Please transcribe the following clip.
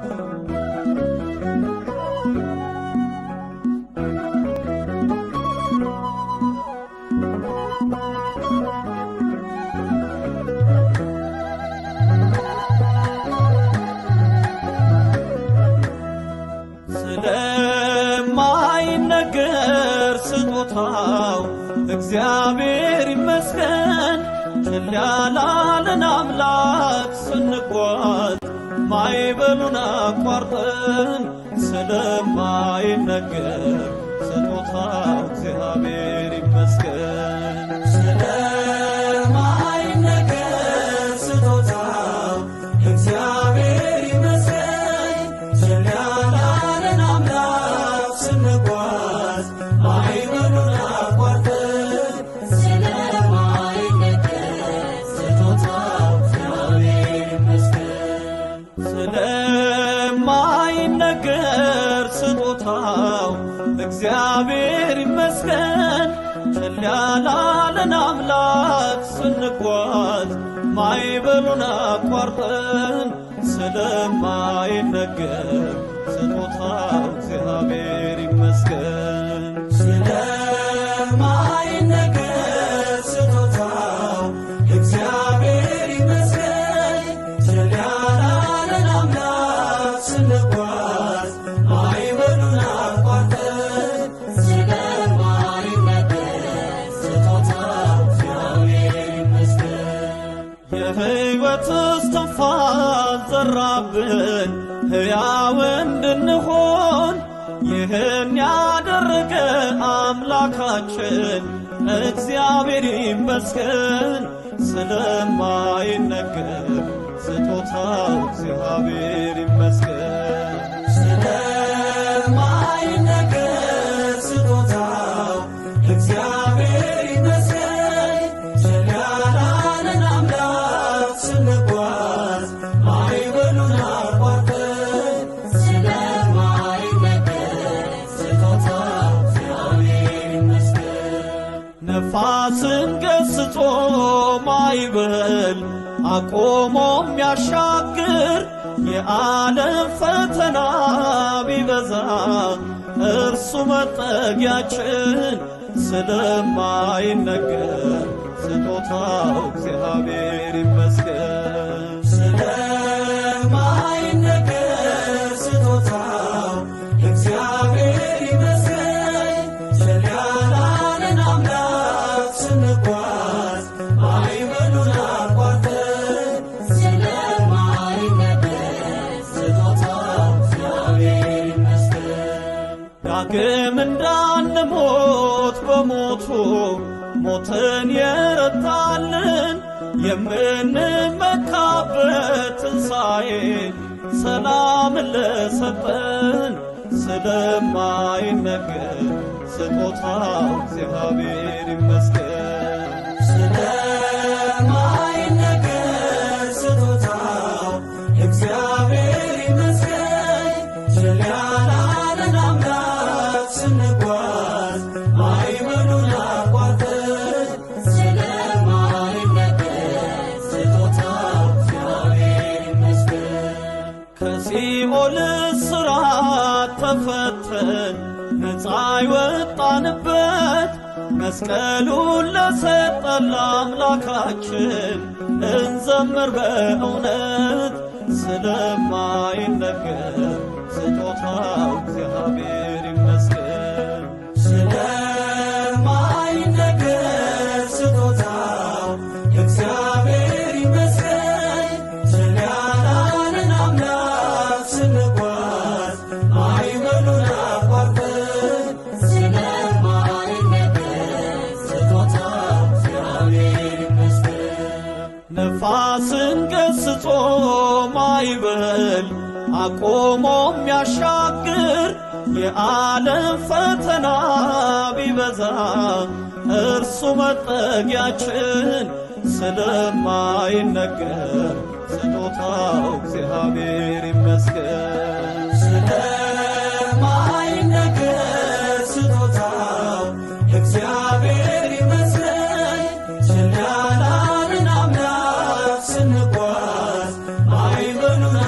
ስለማይነገር እግዚአብሔር ይመስገን ችላ አምላክ ስንጓ ማይበሉን አቋርጠን ስለማይነገር ስጦታ እግዚአብሔር እግዚአብሔር ይመስገን ችላላለን አምላክ ስንጓዝ ማይበሉን አቋርጠን ስለማይነገር ስጦታ እግዚአብሔር እምነት እስትንፋስ ዘራብን ሕያው እንድንሆን ይህን ያደረገ አምላካችን እግዚአብሔር ይመስገን። ስለማይነገር ስጦታው እግዚአብሔር ይመስገን። ነፋስን ገስቶ ማይበል አቆሞ የሚያሻግር የዓለም ፈተና ቢበዛ እርሱ መጠጊያችን ስለማይነገር ስጦታው እግዚአብሔር ይመስገን። ስለማይነገር ስጦታው እግዚአብሔር ዳግም እንዳንሞት በሞቱ ሞትን የረታልን የምንመካበት ትንሣኤ ሰላም ለሰጠን ስለማይነገር ስጦታ እግዚአብሔር ይመስገን። ከሲኦል እስራት ተፈተን ነፃ የወጣንበት መስቀሉን ለሰጠን አምላካችን እንዘምር በእውነት ስለማይነገር ስጦታው እግዚአብሔር ፋስን ገስጾ ማይበል አቆሞ የሚያሻግር የዓለም ፈተና ቢበዛ እርሱ መጠጊያችን ስለማይነገር ስጦታው እግዚአብሔር ይመስገን። ስለማይነገር ስጦታው እግዚአብሔር ይመስገን።